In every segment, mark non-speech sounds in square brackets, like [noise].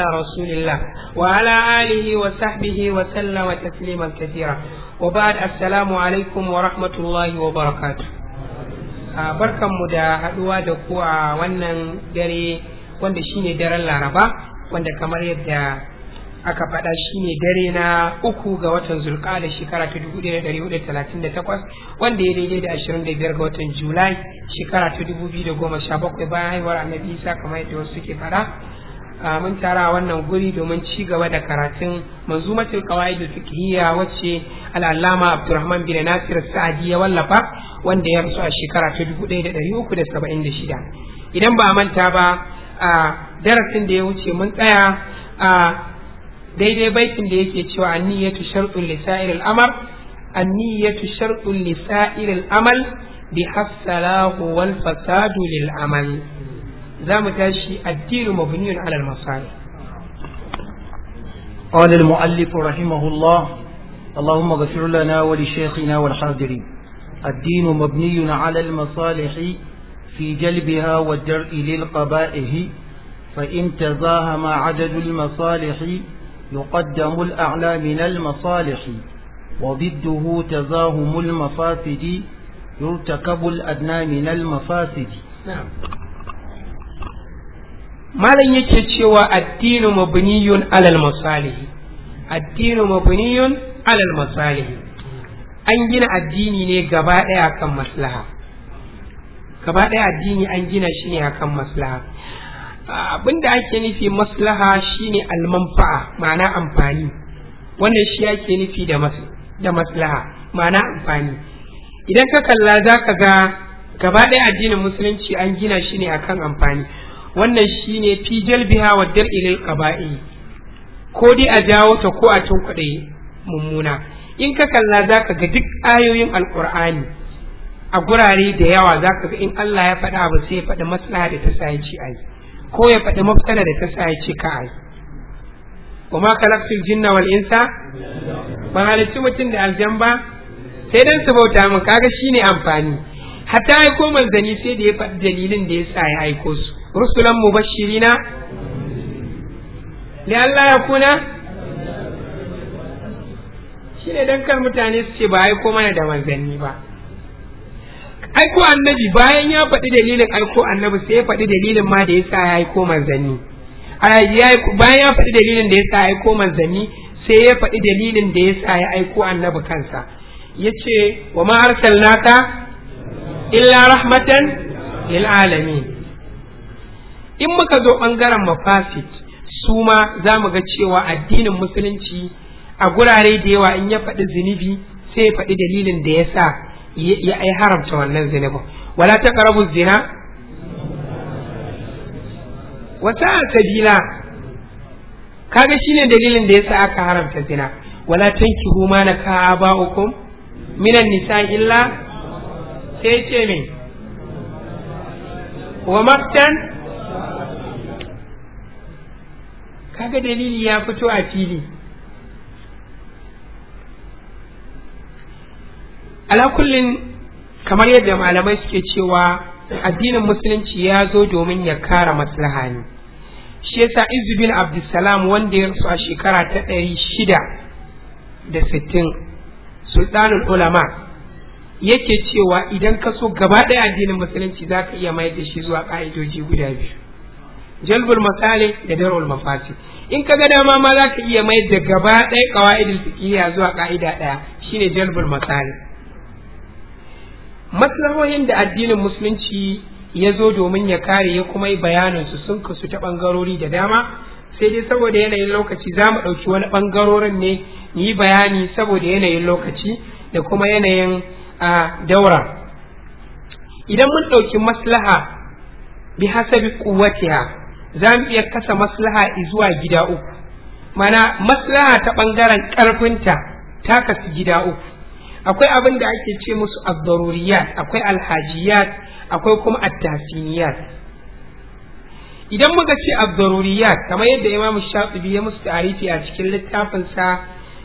رسول الله وعلى آله وصحبه وسلم تسليما كثيرا وبعد السلام عليكم ورحمة الله وبركاته barkan mu da haduwa da داري wannan dare wanda shine daren laraba wanda kamar yadda aka faɗa shine dare na uku ga watan zulkada shekara ta takwas, wanda ya daidai da 25 ga watan julai shekara ta 2017 bayan haihuwar annabi isa kamar yadda wasu suke faɗa mun tara wannan guri domin ci gaba da karatun manzumatul qawaid fiqhiyya wacce al-allama Abdurrahman bin Nasir Sa'di ya wallafa wanda ya rasu a shekara ta 1376 idan ba manta ba a darasin da ya wuce mun tsaya a daidai baitin da yake cewa an-niyyatu shartun li al amr an-niyyatu shartun li al amal bi hafsalahu wal fasadu lil amal za تاشي الدين مبني على المصالح قال المؤلف رحمه الله اللهم اغفر لنا ولشيخنا والحاضرين الدين مبني على المصالح في جلبها والدرء للقبائه فإن تزاهم عدد المصالح يقدم الأعلى من المصالح وضده تزاهم المفاسد يرتكب الأدنى من المفاسد نعم malam yake cewa addinu mabniyun alal masalih addinu mabniyun alal masalih an gina addini ne gaba daya akan maslaha gaba daya addini an gina shi ne akan maslaha abinda ake nufi maslaha shine almanfa'a ma'ana amfani wannan shi ake nufi da da maslaha ma'ana amfani idan ka kalla za ka ga gaba ɗaya addinin musulunci an gina shi ne akan amfani wannan shine fi jalbiha wa dar'i lil qaba'i ko dai a jawo ta ko a tunkuɗe mummuna in ka kalla zaka ga duk ayoyin alqur'ani a gurare da yawa zaka ga in Allah ya faɗa abu sai ya faɗi maslaha da ta sai ci ai ko ya faɗi mafsala da ta sai ci ka ai wa ma khalaqtul jinna wal insa ba halitta mutum da aljamba ba sai dan su bauta min kaga shine amfani hatta aiko manzani sai da ya faɗi dalilin da ya sa ya aiko su رسلا مبشرين لئلا يكون shine dan kan mutane su ce ba aiko mana da manzanni ba aiko annabi bayan ya faɗi dalilin aiko annabi sai ya faɗi dalilin ma da yasa ya aiko manzanni bayan ya faɗi dalilin da yasa ya aiko manzanni sai ya faɗi dalilin da yasa ya aiko annabi kansa yace wa ma arsalnaka illa rahmatan lil alamin in muka zo ɓangaren mafasit su ma za mu ga cewa addinin musulunci a gurare da yawa in ya faɗi zunubi sai ya faɗi dalilin da ya sa ya ai haramta wannan zunubin wala ta karabu zina wata sabila kaga ne dalilin da ya sa aka haramta zina wala ki huma na ka hukum minan nisa illa sai ce min wa maktan kaga dalili ya fito a fili ala kullin kamar yadda malamai suke cewa addinin musulunci ya zo domin ya kara maslaha ne shi yasa izubin abdulsalam wanda ya rasu a shekara ta ɗari shida da sittin sultanul ulama yake cewa idan ka so gaba ɗaya addinin musulunci za ka iya mayar da shi zuwa ƙa'idoji guda biyu jalbul masali da darul mafasi in ka ga dama ma za ka iya mai da gaba ɗaya ƙawa'idul fiqhiyya zuwa ƙa'ida ɗaya shine jalbul masali maslahohin da addinin musulunci ya zo domin ya kare ya kuma yi bayanin su sun kasu ta bangarori da dama sai dai saboda yanayin lokaci za mu ɗauki wani bangarorin ne yi bayani saboda yanayin lokaci da kuma yanayin a daura idan mun ɗauki maslaha bi hasabi kuwatiya za mu iya kasa maslaha zuwa gida uku mana maslaha ta ɓangaren ƙarfinta ta kasu gida uku akwai abin da ake ce musu abdaruriyat akwai alhajiyat akwai kuma attasiniyat idan muka ce abdaruriyat kamar yadda imamu shafi ya musu tarifi a cikin littafinsa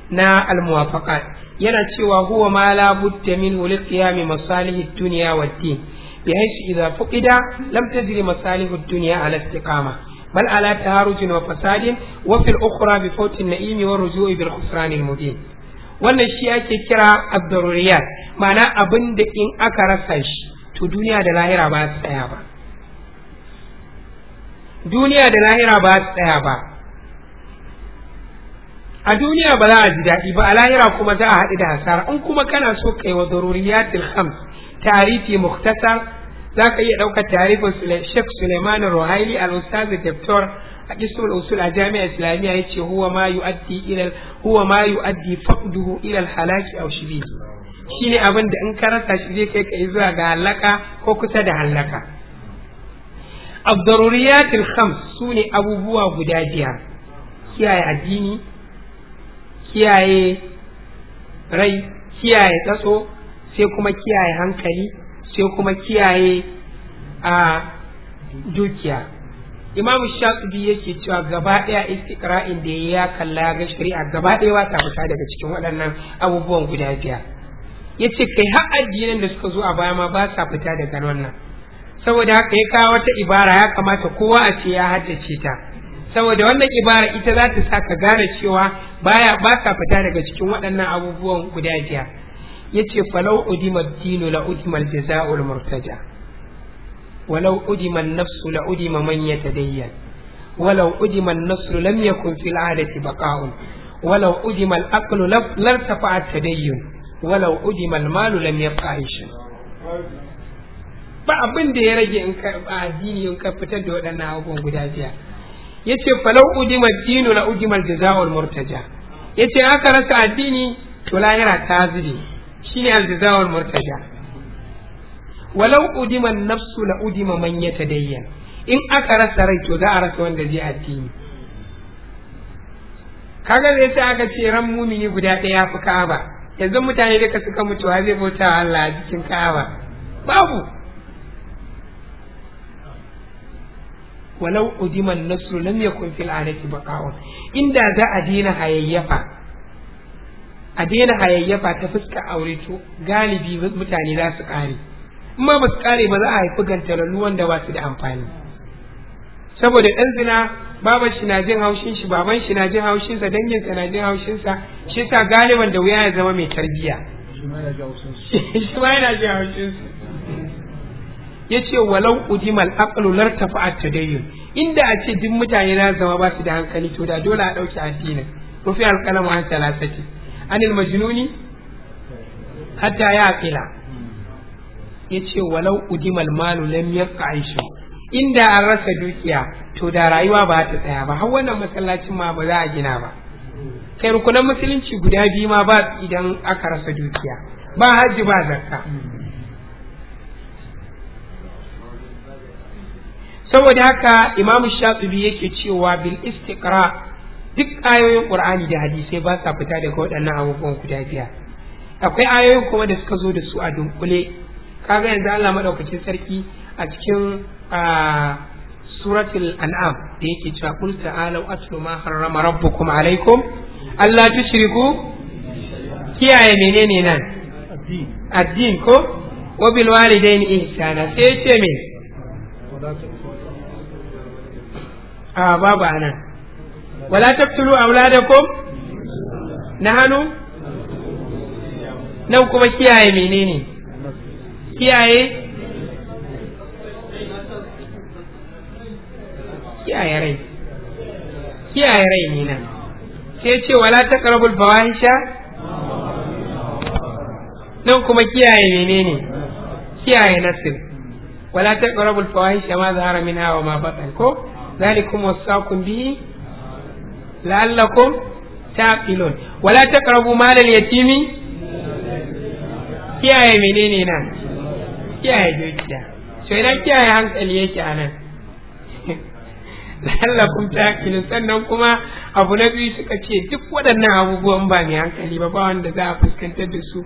na almuwafaqat yana cewa huwa ma la budda minhu liqiyami masalihi dunya wad din بحيث إذا فقد لم تجري مصالح الدنيا على استقامة بل على تهارج وفساد وفي الأخرى بفوت النعيم والرجوع بالخسران المبين wannan shi ake kira abdururiyat ma'ana abin da in aka rasa shi to duniya da lahira ba su tsaya ba duniya da lahira ba su tsaya ba a duniya ba za a ji daɗi ba a lahira kuma za a haɗu da hasara in kuma kana so kai wa daruriyatil khams tarifi muktasar za ka iya ɗaukar tarifin Sheikh Suleiman Ruhaili al-Ustaz Dr. a kisul usul a jami'a islamiyya ya ce huwa ma yu'addi ila huwa ma yu'addi faqduhu ila al-halaki aw shibih shine abin da in ka rasa shi kai ka yi zuwa ga halaka ko kusa da halaka ad-daruriyat al-khams sune abubuwa guda biyar kiyaye addini kiyaye rai kiyaye tsatso sai kuma kiyaye hankali sai kuma kiyaye a dukiya imamu shafi yake cewa gaba ɗaya istiqra'in da ya kalla ya ga shari'a gaba ɗaya ba ta fita daga cikin waɗannan abubuwan guda biyar ya ce kai har addinin da suka zo a baya ma ba sa fita daga wannan saboda haka ya kawo wata ibara ya kamata kowa a ce ya haddace ta saboda wannan ibara ita za ta sa ka gane cewa baya ba sa fita daga cikin waɗannan abubuwan guda biyar yace falau udima dinu la udima al-jaza'u al-murtaja walau udima an-nafsu la udima man yatadayyan walau udima an-nafsu lam yakun fil 'adati baqa'un walau udima al-aqlu lam irtafa'a at-tadayyun walau udima al-malu lam yabqa 'ayshan ba abin da ya rage in ka addini in ka fitar da wadannan abubuwan guda biyar yace falau udima ad-dinu la udima al-jaza'u al-murtaja yace aka rasa addini to lahira ta zube shine alzizawar murtaja walau udima nafsu la udima man yatadayyan in aka rasa rai to za a rasa wanda zai addini kaga zai sai aka ce ran mumini guda ɗaya fi ka'aba yanzu mutane duka suka mutu wa zai bauta Allah a cikin ka'aba babu walau udiman nafsu lam yakun fil alati baqa'un inda za a dina hayayyafa a daina hayayyafa ta fuska aure to galibi mutane za su ƙare amma ba su ƙare ba za a haifi gantararru wanda ba su da amfani saboda ɗan zina baban shi na jin haushin shi baban shi na jin haushin sa dangin sa na jin haushin sa shi sa galiban da wuya ya zama mai tarbiya shi ma yana jin haushin su [laughs] yace walau udimal aqlu lartafa at-tadayyun inda a ce duk mutane na zama ba su da hankali to da dole a dauki addinin rufi alqalamu an talasati anil majnuni hatta ya aqila yace walau udimal malu lam yabqa aishu inda an rasa dukiya to da rayuwa ba ta tsaya ba har wannan masallacin ma ba za a gina ba kai rukunan musulunci guda biyu ma ba idan aka rasa dukiya ba hajji ba zakka saboda haka imamu shatibi yake cewa bil istiqra duk ayoyin qur'ani da hadisai ba sa fita daga waɗannan abubuwan guda biyar akwai ayoyin kuma da suka zo da su a dunkule kaga yanzu Allah madaukakin sarki a cikin suratul an'am da yake cewa qul ta'alu atlu ma harrama rabbukum alaikum alla tushriku kiyaye menene nan addin ko wa bil walidayni ihsana sai ce me a babu anan wala taqtulu auladakum nahanu nan kuma kiyaye menene kiyaye rai kiyaye rai ne nan sai ce wala taqrabul fawahisha nan kuma kiyaye menene kiyaye nasir wala taqrabul fawahisha ma zahara minha wa ma batan ko zalikum wasaqum bihi la'allakum taqilun wala taqrabu malal yatimi kiyaye menene nan kiyaye dukiya to idan kiyaye hankali yake anan la'allakum taqilun sannan kuma abu na biyu suka ce duk waɗannan abubuwan ba mai hankali ba ba wanda za a fuskantar da su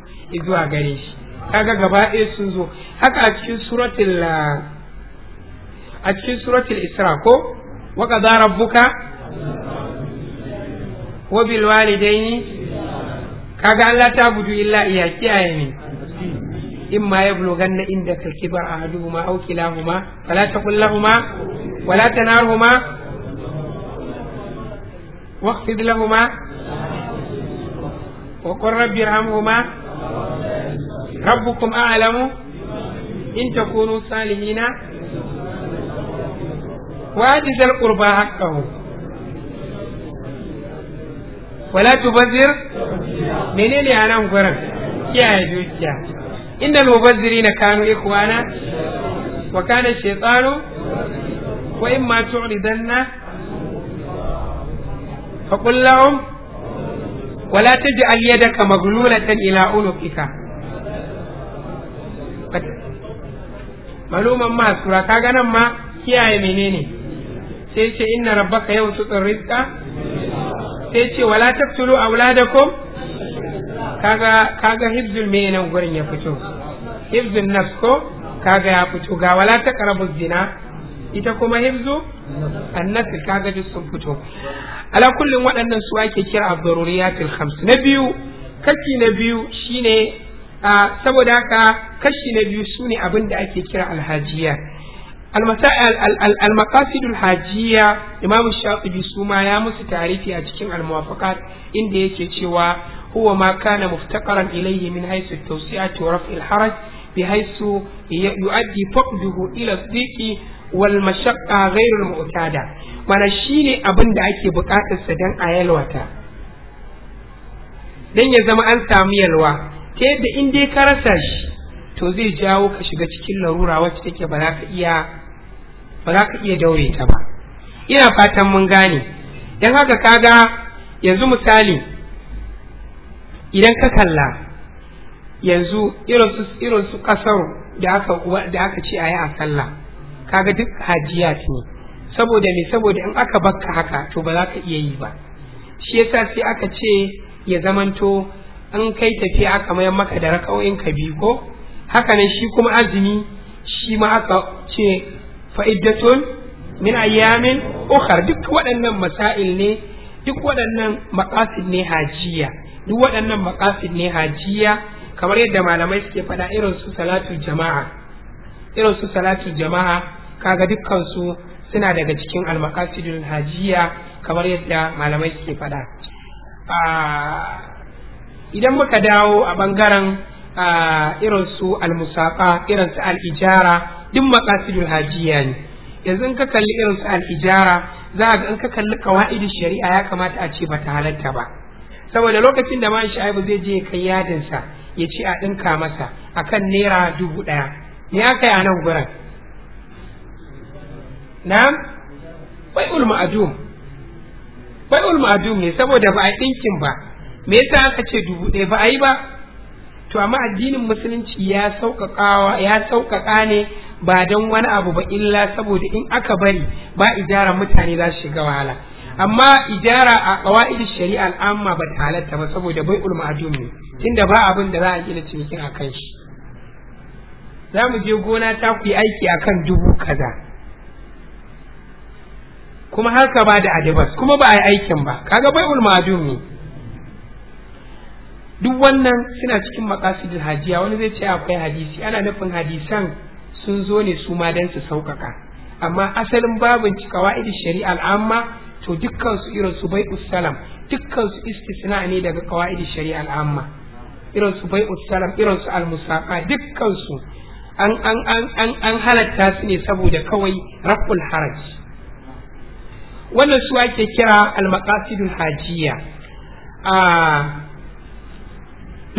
zuwa gare shi kaga gaba ɗaya sun zo haka a cikin suratul a cikin suratul isra ko wa qadara rabbuka wa bil walidaini kaga Allah ta budu illa iya kiyaye ne kibar kilahuma wala wala tubazzir menene a nan gurin kiyaye dukiya inda na kanu ikwana wa kana shaytanu wa ma tu'ridanna fa qul lahum wala taj'al yadaka maglulatan ila unuqika maluman ma sura kaga nan ma kiyaye menene sai ce inna rabbaka yawsutur rizqa sai ce wala taqtulu auladakum kaga kaga hibzul me nan gurin ya fito hibzun nafs ko kaga ya fito ga wala taqrabu zina ita kuma hibzu annasil kaga duk sun fito ala waɗannan su ake kira abdururiyatul khams na biyu kashi na biyu shine saboda haka kashi na biyu sune abin da ake kira alhajiya al-maqasidul hajiyya imamu suma ya musu tarifi a cikin al inda yake cewa huwa ma kana muftaqaran ilayhi min haythu at-tawsi'at wa raf'il haraj بحيث يؤدي فقده إلى الضيق والمشقة غير المعتادة mana shi ne abin da ake buƙatar sa don a yalwata don ya zama an samu yalwa ta yadda in dai ka rasa shi to zai jawo ka shiga cikin larura wacce take ba za ka iya ba za ka iya daure ta ba ina fatan mun gane don haka kaga yanzu misali idan ka kalla yanzu irin su kasar da aka ce a yi a sallah kaga duk hajiya ne saboda me saboda in aka bakka haka to ba za ka iya yi ba shi yasa sai aka ce ya zamanto an kai tafiya aka mayan maka da raka'o'in ka biyu ko haka nan shi kuma azumi shi ma aka ce fa'iddatun min ayyamin ukhar duk waɗannan masail ne duk waɗannan maqasid ne hajiya duk waɗannan maqasid ne hajiya kamar yadda malamai suke faɗa irin su salatu jama'a irin su salatu jama'a kaga dukkan suna daga cikin almaqasidul hajiya kamar yadda malamai suke faɗa idan muka dawo a ɓangaren irin su almusafa irin su al'ijara duk maqasidul hajiya ne yanzu in ka kalli irin su al-ijara za ga in ka kalli qawaidin shari'a ya kamata a ce bata halatta ba saboda lokacin da man sha'ibu zai je kai yadin sa ya ce a dinka masa akan naira dubu daya me aka yi a nan gurin na'am bai ulma ajum bai ulma ne saboda ba a dinkin ba me yasa aka ce dubu daya ba a yi ba to amma addinin musulunci ya sauƙaƙa ne ba don wani abu ba illa saboda in aka bari ba ijara mutane za su shiga wahala amma ijara a qawaid shari'a al'amma ba ta halatta ba saboda bai ulma ne tunda ba abin da za a gina cinikin a kan shi za mu je gona ta ku yi aiki a kan dubu kaza kuma har ka ba da adibas kuma ba a yi aikin ba kaga bai ulma ne duk wannan suna cikin makasudin hajiya wani zai ce akwai hadisi ana nufin hadisan sun zo ne su ma don su sauƙaƙa amma asalin babin kawa'id shari'a al'amma to dukkan su irin su bai usalam dukkan su istisna ne daga kawa'id shari'a al'amma irin su bai usalam irin su al-musaqa dukkan su an an an an an halatta su ne saboda kawai raful haraj wannan su ake kira al-maqasidul Hajiya a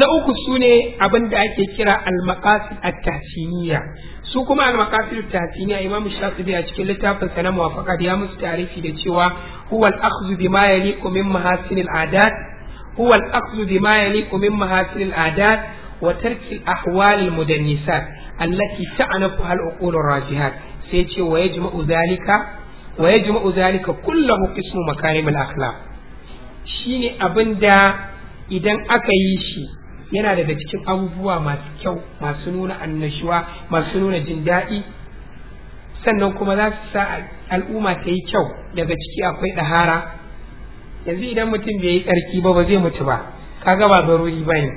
na uku su ne abin da ake kira al-maqasid at-tahsiniyya su kuma al-maqasid tasiniya imamu shafi'i a cikin littafin sa na muwafaqat ya musu tarifi da cewa huwa al-akhdhu bima yaliqu min mahasin al-adat huwa al-akhdhu bima yaliqu min mahasin al-adat wa tarki al-ahwal al-mudannisat allati ta'anafu al-uqul ar-rajihat sai ce wa yajma'u zalika wa yajma'u zalika kullahu qismu makarim al-akhlaq shine abinda idan aka yi shi yana daga cikin abubuwa masu kyau masu nuna annashuwa masu nuna jin daɗi sannan kuma za su sa al'umma ta yi kyau daga ciki akwai ɗahara yanzu idan mutum bai yi tsarki ba ba zai mutu ba kaga ba garuri ba ne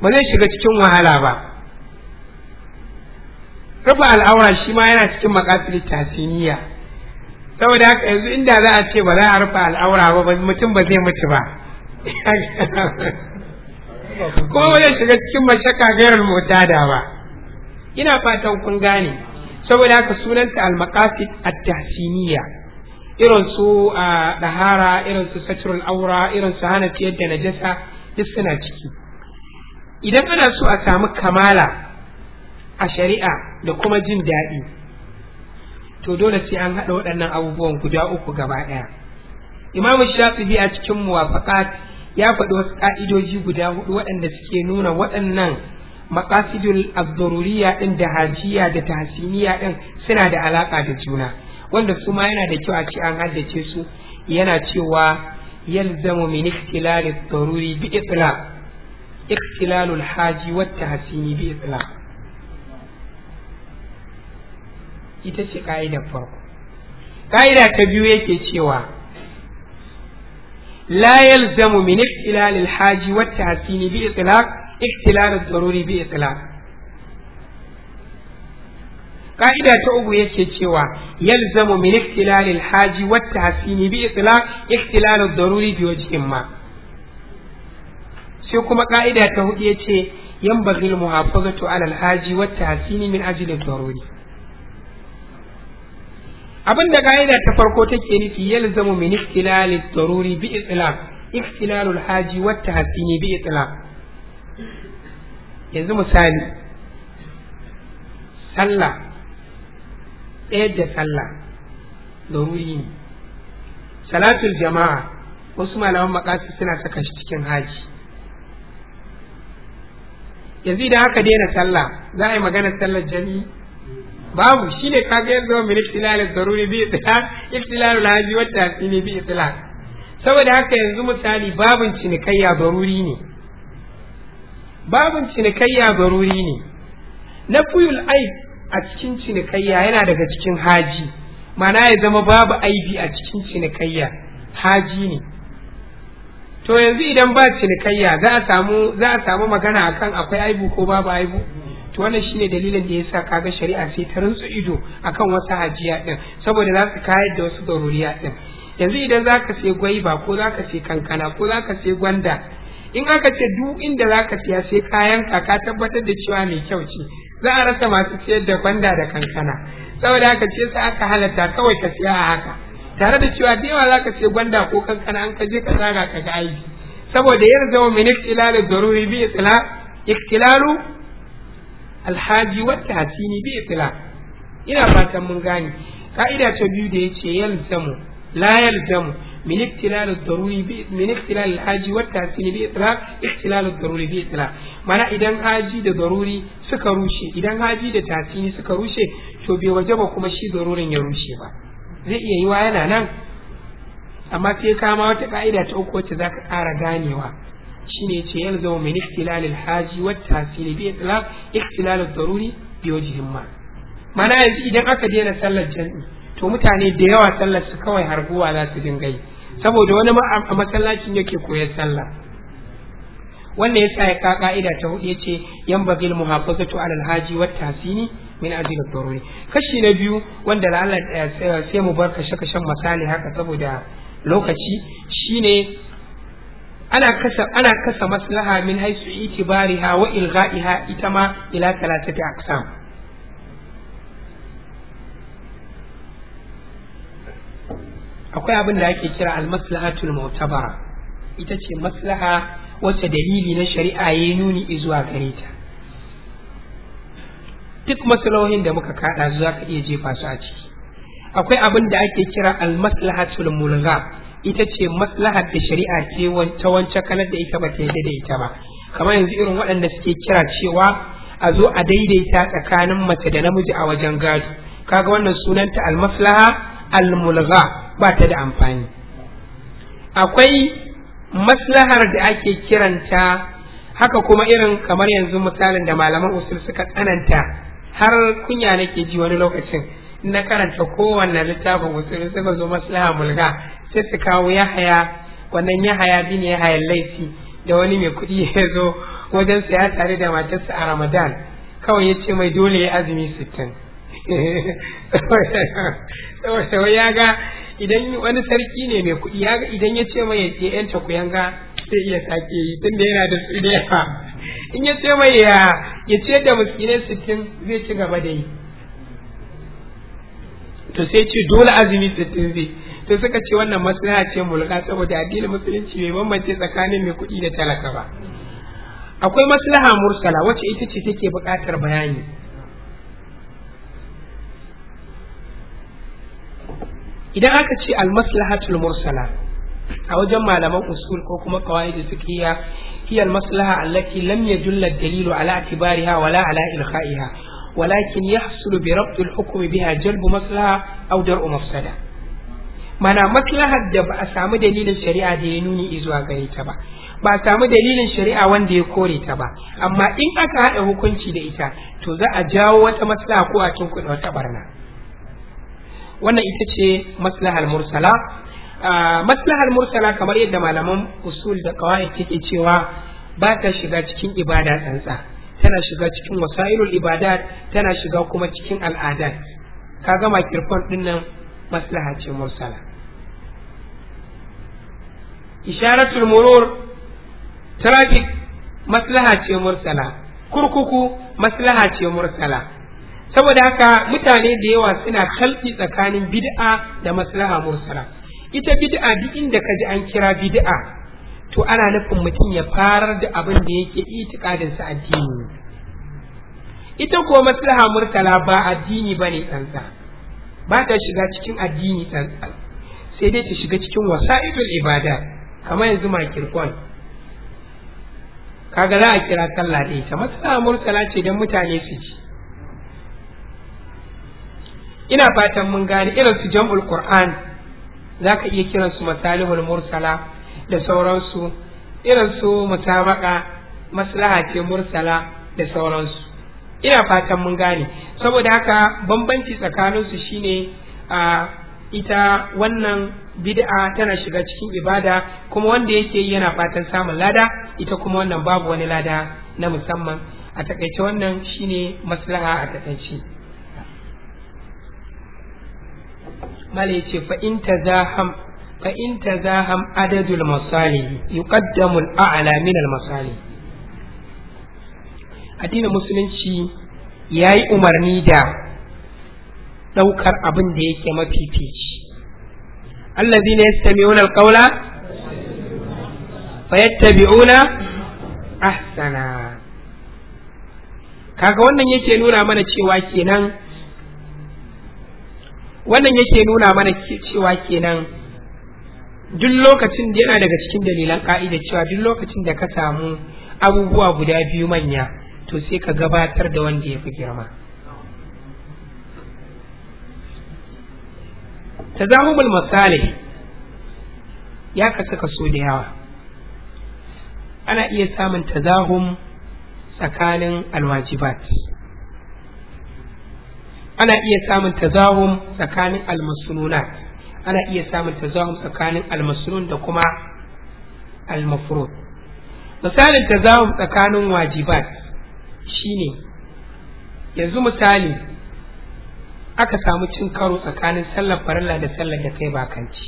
ba zai shiga cikin wahala ba rufe al'aura shi ma yana cikin makasar tasiniya saboda haka yanzu inda za a ce ba za a rufe al'aura ba mutum ba zai mutu ba [laughs] kuma ba zai shiga cikin mashaka gairar da ba ina fatan kun gane saboda haka sunanta al-maqasid at irin su a dahara irin su satrul aura irin su hana ciyar da najasa duk suna ciki idan ana so a samu kamala a shari'a da kuma jin daɗi to dole sai an haɗa waɗannan abubuwan guda uku gaba ɗaya imamu shafi'i a cikin muwafaqat ya faɗi wasu ƙa'idoji guda hudu waɗanda suke nuna waɗannan maqasidul azzururiya ɗin da hajiya da tahsiniya ɗin suna da alaƙa da juna wanda su ma yana da kyau a ce an haddace su yana cewa yalzamu min ikhtilal ad bi itlaq ikhtilal haji wa tahsini bi itlaq ita ce ka'idar farko ka'ida ta biyu yake cewa la yalzamu min ihtilal haji wa tahsin bi itlaq ihtilal ad bi itlaq ka'ida ta uku yake cewa yalzamu min ihtilal haji wa tahsin bi itlaq ihtilal ad-daruri bi ma sai kuma ka'ida ta hudu yace yanbaghi al-muhafazatu ala al-haji wa tahsin min ajli ad-daruri abin da ga'ida ta farko take nufi yalzamu min ikhtilal ad-daruri bi itlaq ikhtilal al-haji wa tahsini bi itlaq yanzu misali sallah ɗaya da sallah daruri ne salatul jama'a wasu malaman makasi suna saka shi cikin haji yanzu idan aka daina sallah za a yi maganar sallar jami'i babu shi shine kaga yadda min ibtilal daruri bi itlaq ibtilal laji wa tasini bi itlaq saboda haka yanzu misali babin cinikayya daruri ne babin cinikayya daruri ne na fuyul aib a cikin cinikayya yana daga cikin haji mana ya zama babu aibi a cikin cinikayya haji ne to yanzu idan ba cinikayya za samu za a samu magana akan akwai aibu ko babu aibu to wannan shine dalilin da yasa kaga shari'a sai ta rantsa ido akan wasu hajiya din saboda za su kayar da wasu garuriya din yanzu idan za ka sai gwaiba ko za ka sai kankana ko za ka sai gwanda in aka ce duk inda zaka siya sai kayan ka ka tabbatar da cewa mai kyau ce za a rasa masu siyar da gwanda da kankana saboda haka ce sa aka halatta kawai ka siya a haka tare da cewa da yawa ka sai gwanda ko kankana an ka je ka tsara ka ga aiki? saboda yarzawa min iktilal da zaruri, bi ikhtilalu alhaji wata hasini bi itila ina fatan mun gane ka'ida ta biyu da yace yalzamu la yalzamu min ihtilal ad-daruri bi min ihtilal al-haji wa tasini bi itlaq ihtilal ad-daruri bi itlaq mana idan haji da daruri suka rushe idan haji da tasini suka rushe to bai wajaba kuma shi darurin ya rushe ba zai iya yiwa yana nan amma sai kama wata ka'ida ta uku wacce zaka ƙara ganewa ne ce yalzamu min ihtilal al-haji wa tasili bi itlaq ihtilal al-daruri bi wajhin ma mana yanzu idan aka daina sallar jami'i to mutane da yawa sallar su kawai harguwa za su dinga saboda wani a masallacin yake koyar sallah wannan yasa ya ka ka'ida ta hudu ce yan bagil muhafazatu alal haji wa tasini min ajli daruri kashi na biyu wanda la'alla eh, sai mu bar kashe kashen misali haka saboda lokaci shine ana kasa ana kasa maslaha min haisu itibariha wa ilghaiha ita ma ila talatati aqsam akwai abin da ake kira almaslahatul mu'tabara ita ce maslaha wacce dalili na shari'a ya nuni izuwa gare ta duk maslahohin da muka kada za zaka iya jefa su a ciki akwai abin da ake kira almaslahatul mulgha ita ce maslahar da shari'a ce ta wancan kalar da ita ba ta yadda da ita ba kamar yanzu irin waɗanda suke kira cewa a zo a daidaita tsakanin mace da namiji a wajen gado kaga wannan sunanta almaslaha almulgha ba ta da amfani akwai maslahar da ake kiranta haka kuma irin kamar yanzu misalin da malaman usul suka tsananta har kunya nake ji wani lokacin na karanta kowanne littafin usul suka zo maslaha mulga sai su kawo ya haya wannan ya haya ne ya haya laifi da wani mai kuɗi ya zo wajen ya tare da matarsa a ramadan kawai ya ce mai dole ya azumi sittin saboda ya ga idan wani sarki ne mai kuɗi ya ga idan ya ce mai ya yanta kuyanga sai iya sake yi tunda yana da su da in ya ce mai ya ya ce da miskinai sittin zai ci gaba da yi to sai ce dole azumi sittin zai sai suka ce wannan maslaha ce mulka saboda addinin musulunci bai bambance tsakanin mai kuɗi da talaka ba akwai maslaha mursala wacce ita ce take buƙatar bayani idan aka ce almaslahatul mursala a wajen malaman usul ko kuma kawai da sukiya هي المصلحة التي لم يدل الدليل على اعتبارها ولا على إلخائها ولكن يحصل بربط الحكم بها جلب مصلحة أو درء مفسدة mana maslahar da ba a samu dalilin shari'a da ya nuni izuwa gare ta ba ba a samu dalilin shari'a wanda ya kore ta ba amma in aka haɗa hukunci da ita to za a jawo wata maslaha ko a cin wata barna wannan ita ce maslahar mursala maslahar mursala kamar yadda malaman usul da kawai take cewa ba ta shiga cikin ibada tsantsa tana shiga cikin wasailul ibada tana shiga kuma cikin al'adat ka gama kirkon dinnan maslaha ce mursala isharatul murur traffic maslaha ce mursala kurkuku maslaha ce mursala saboda haka mutane da yawa suna kalfi tsakanin bid'a da maslaha mursala ita bid'a duk inda kaji an kira bid'a to ana nufin mutum ya farar da abin da yake itikadin sa addini ita ko maslaha mursala ba addini bane kansa ba ta shiga cikin addini tsantsan sai dai ta shiga cikin wasa'idul ibada kamar yanzu makirkon kaga za a kira sallah da ita matsala murtala ce don mutane su ci ina fatan mun gane irin su jam'ul qur'an za ka iya kiran su masalihul mursala da sauransu irin su musabaka maslaha ce mursala da sauransu ina fatan mun gane saboda haka bambanci tsakaninsu shine a ita wannan bid'a tana shiga cikin ibada kuma wanda yake yi yana fatan samun lada ita kuma wannan babu wani lada na musamman a takaice wannan shine maslaha a takaice malai ce fa in tazaham fa in tazaham adadul masalih yuqaddamu ala min al-masalih addinin musulunci ya yi umarni da ɗaukar abin da yake mafifici allazi ne yastami'una alqawla ah sana kaga wannan yake nuna mana cewa kenan wannan yake nuna mana cewa kenan duk lokacin da yana daga cikin dalilan ka'ida cewa duk lokacin da ka samu abubuwa guda biyu manya to sai ka gabatar da wanda ya fi girma Ta tazamumul misali ya kasu kaso da yawa ana iya samun tazahum tsakanin alwajibat ana iya samun tazahum tsakanin almasununa ana iya samun tazahum tsakanin almasunun da kuma almafurut misalin tazahum tsakanin wajibat shine yanzu misali aka samu cin karo tsakanin sallar farilla da sallar da kai bakanci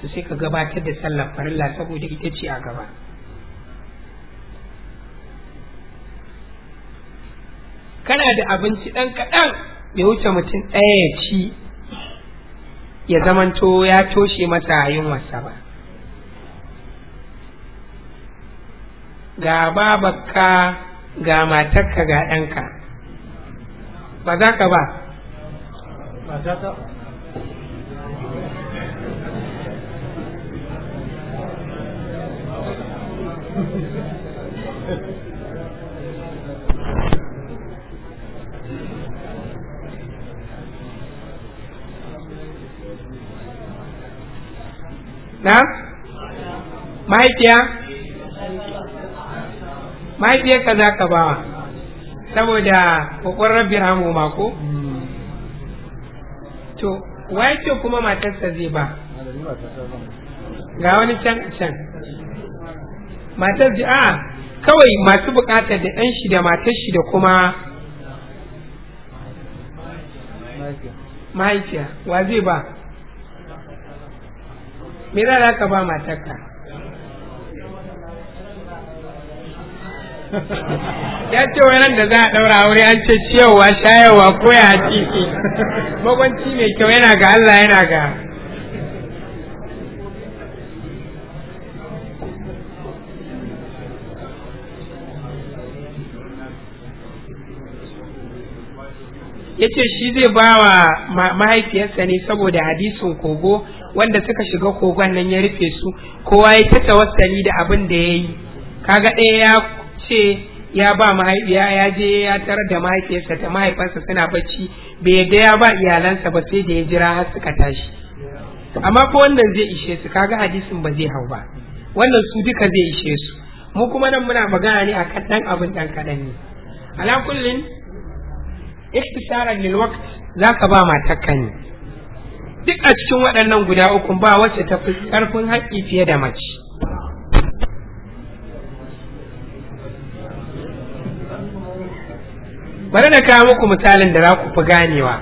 to sai ka gabatar da sallar farilla saboda ita ce a gaba kana da abinci ɗan kaɗan ya wuce mutum ɗaya ya ci ya zamanto ya toshe masa yunwarsa ba ga babakka ga matarka ga ɗanka ba za ka ba na mahaifiya mahaifiyarka za ka bawa saboda kokon rabbi ramu mako to wai ce kuma matarsa zai ba ga wani can can matar ji a kawai masu bukatar da ɗan shi da matar shi da kuma mahaifiya wa zai ba me za ka ba matarka ya ce wani da za a ɗaura aure an ce ciyarwa shayarwa ko ya hakiki magwanci mai kyau yana ga Allah yana ga ya ce shi zai ba wa mahaifiyarsa ne saboda hadisin kogo wanda suka shiga kogon nan ya rufe su kowa ya ta tawassali da abin da ya yi kaga ɗaya ya ce ya ba mahaifiya ya je ya tarar da mahaifiyarsa da mahaifansa suna bacci bai yadda ya ba iyalansa ba sai da ya jira har suka tashi amma ko wannan zai ishe su kaga hadisin ba zai hau ba wannan su duka zai ishe su mu kuma nan muna magana ne a kan dan abin dan kaɗan ne ala kullin ikhtisaran lil waqt zaka ba matarka ne duk a cikin waɗannan guda uku ba wacce ta fi ƙarfin haƙƙi fiye da mace bari na kawo muku misalin da za ku fi ganewa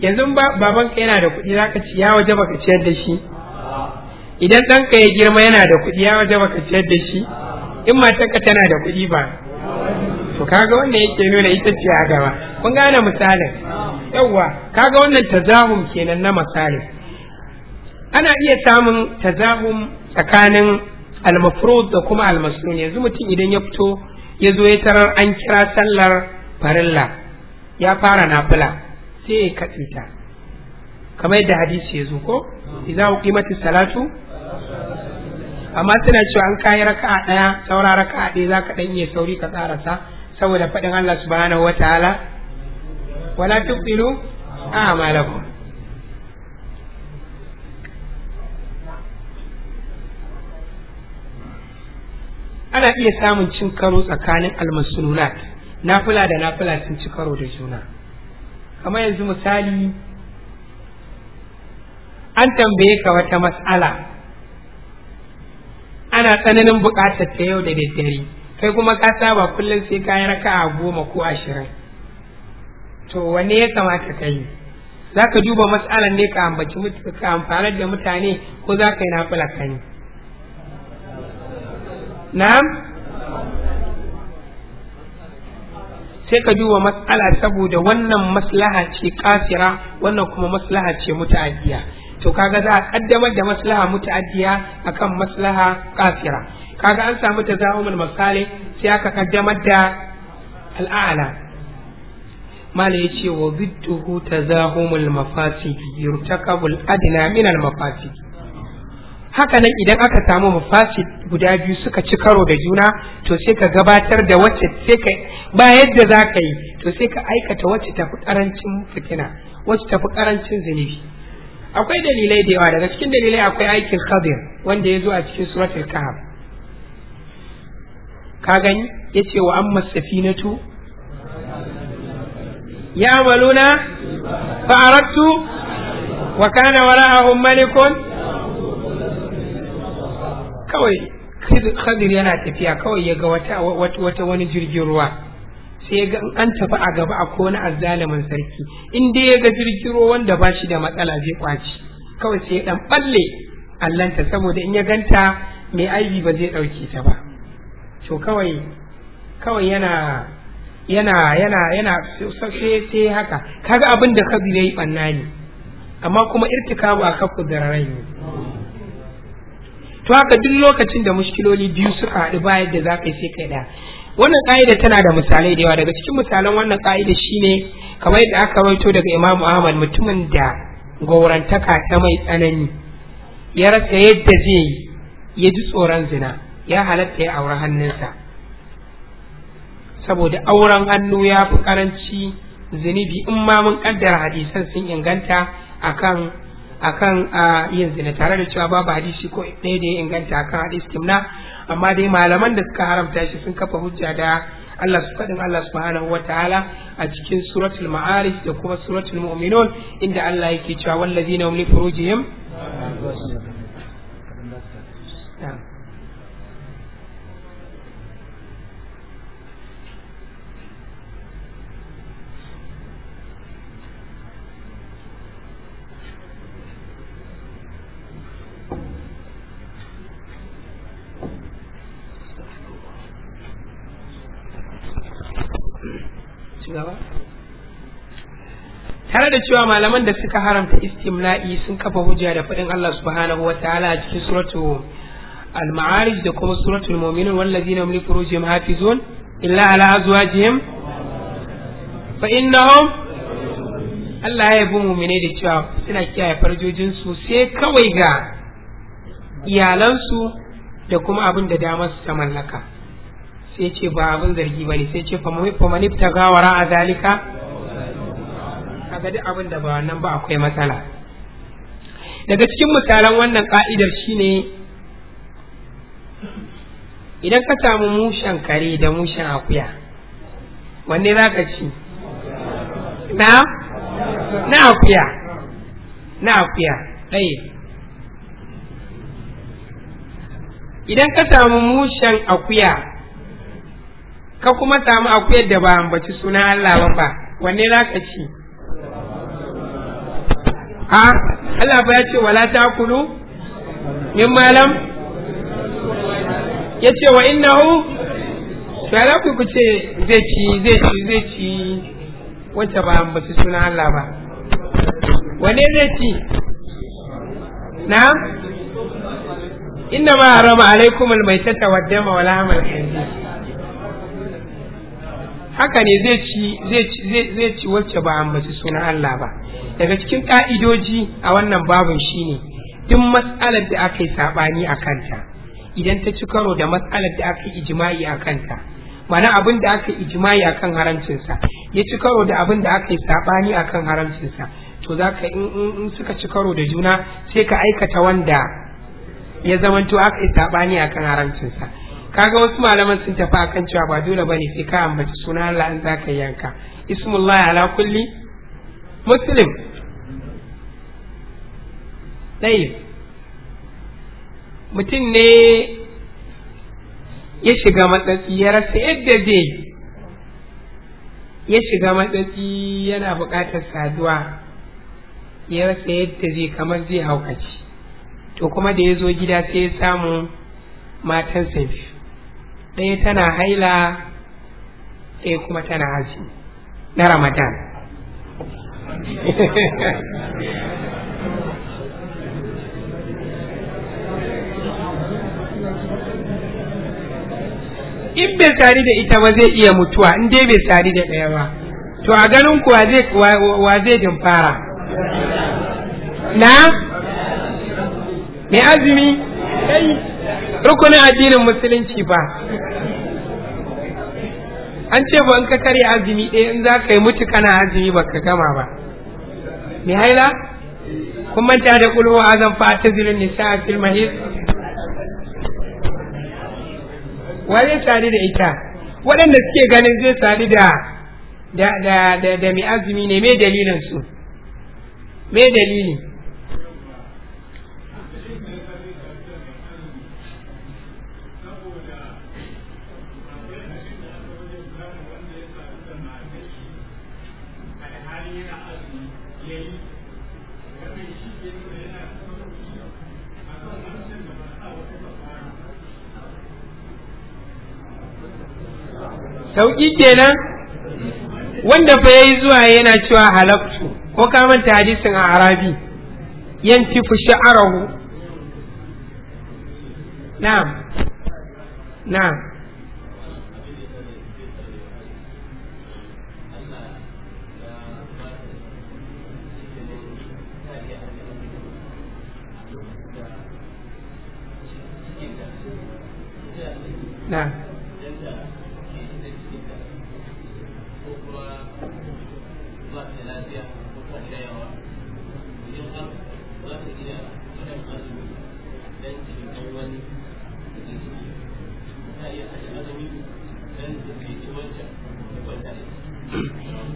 yanzu babanka yana da kuɗi za ka ci ya waje baka ciyar da shi idan ɗanka ya girma yana da kuɗi ya waje baka ciyar da shi in matanka tana da kuɗi ba to kaga wannan yake nuna ita ce a gaba kun gane misalin yawwa kaga wannan tazahum kenan na misalin ana iya samun tazahum tsakanin almafrud da kuma almasnun yanzu mutum idan ya fito ya zo ya tarar an kira sallar farilla ya fara nafula sai ya katsinta kamar yadda hadisi ya zo ko idan uqimati salatu amma suna cewa an kayi raka daya saura raka'a ɗaya zaka dan iya sauri ka sa saboda faɗin Allah subhanahu wataala wala tuqilu a'malakum ana iya samun cin karo tsakanin almasunulat nafila da nafila sun ci karo da juna kamar yanzu misali an tambaye ka wata matsala ana tsananin buƙatar ta yau da daddare kai kuma ka saba kullum sai ka yi raka'a goma ko ashirin to wanne ya kamata ka yi za ka duba matsalar ne ka ambaci ka amfanar da mutane ko za ka yi nafila ka ne na'am sai ka duba masala saboda wannan maslaha ce kafira wannan kuma maslaha ce muta'addiya to kaga za a kaddamar da maslaha muta'addiya akan maslaha kafira kaga an samu ta zaumul masale sai aka kaddamar da al'ala mala ce wa bidduhu tazahumul mafasidi yurtakabul adna min al haka nan idan aka samu mafasid guda biyu suka ci karo da juna to sai ka gabatar da wacce sai ka ba yadda za ka yi to sai ka aikata wacce tafi karancin fitina wacce tafi karancin zunubi akwai dalilai da yawa daga cikin dalilai akwai aikin khadir wanda ya zo a cikin suratul kahf ka gani yace wa amma safinatu ya maluna fa aradtu wa kana wara'ahum malikun kawai khadir yana tafiya kawai ya ga wata wata wani jirgin ruwa sai ga an tafi a gaba a kona azzalimin sarki in dai ya ga jirgin ruwa wanda ba shi da matsala zai kwaci kawai sai ya dan balle allanta saboda in ya ganta mai aiki ba zai dauke ta ba to kawai kawai yana yana yana yana sai sai haka kaga abin da kabila yi banna ne amma kuma irtikabu a kafu ne to haka duk lokacin da mushkiloli biyu suka haɗu bayan da za ka yi sai kai ɗaya wannan ƙa'ida tana da misalai da yawa daga cikin misalan wannan ƙa'ida shine kamar yadda aka rawaito daga Imam Ahmad mutumin da gaurantaka ta mai tsanani ya rasa yadda zai yi ya ji tsoron zina ya halatta ya aure hannunsa saboda auren hannu ya fi karanci zunubi in ma mun kaddara hadisan sun inganta akan akan yin zina tare da cewa babu hadisi ko ɗaya da ya inganta akan hadis timna amma dai malaman da suka haramta shi sun kafa hujja da Allah su faɗin Allah subhanahu wa ta'ala a cikin suratul ma'arij da kuma suratul mu'minun inda Allah yake cewa wallazina hum li furujihim cewa malaman da suka haramta istimla'i sun kafa hujja da faɗin Allah subhanahu ta'ala a cikin suratu al-ma'arij da kuma al mu'minun wallazina hum li furujihim hafizun illa ala azwajihim fa innahum Allah ya yabi mu'mine da cewa suna kiyaye farjojin su sai kawai ga iyalansu da kuma abin da damar su ta mallaka sai ce ba abin zargi bane sai ce fa manifta gawara a zalika kaga duk abin da ba wannan ba akwai matsala daga cikin misalan wannan ka'idar shine idan ka samu mushen kare da mushen akuya wanne za ka ci na na akuya na akuya ɗaya idan ka samu mushen akuya ka kuma samu akuyar da ba ambaci suna Allah ba fa wanne za ka ci ha Allah ba ya ce wala ta kulu min malam ya ce wa innahu shara ku ku ce zai ci zai ci zai ci wacce ba ambaci suna Allah ba wane zai ci na inna ma harama alaikum almaitata waddama wala hamal khinzir haka ne zai ci zai ci wacce ba ambaci sunan Allah ba daga cikin ka'idoji a wannan babin shine duk matsalar da aka yi sabani a kanta idan ta ci karo da matsalar da aka yi ijma'i a kanta mana abin da aka yi ijma'i akan haramcinsa ya ci karo da abin da aka yi sabani akan haramcinsa to za ka in suka ci karo da juna sai ka aikata wanda ya zamanto aka yi sabani akan haramcinsa kaga wasu malaman sun tafi akan cewa ba dole bane sai ka ambaci suna Allah an zaka yanka ismullah ala kulli muslim dai mutum ne ya shiga matsatsi ya rasa yadda zai ya shiga matsatsi yana buƙatar saduwa ya rasa yadda zai kamar zai haukaci to kuma da ya zo gida sai ya samu matan biyu ɗaya tana haila ɗaya kuma tana haji na ramadan [laughs] in bai sari da ita ba zai iya mutuwa in dai bai sari da ɗaya ba to a ganin ku wa zai jin fara na mai azumi rukunin addinin musulunci ba an ce ba in ka kare azumi ɗaya in za ka yi mutu kana azumi ba ka gama ba mai haila kun manta da kulwa azan fa ta zirin nisa a fil hit wani sadu da ita waɗanda suke ganin zai sadu da da mai azumi ne mai dalilin su mai dalili sauki kenan wanda fa yayi zuwa yana cewa halaktu ko ka manta hadisin a arabi yantifu sha'arahu na'am na'am نعم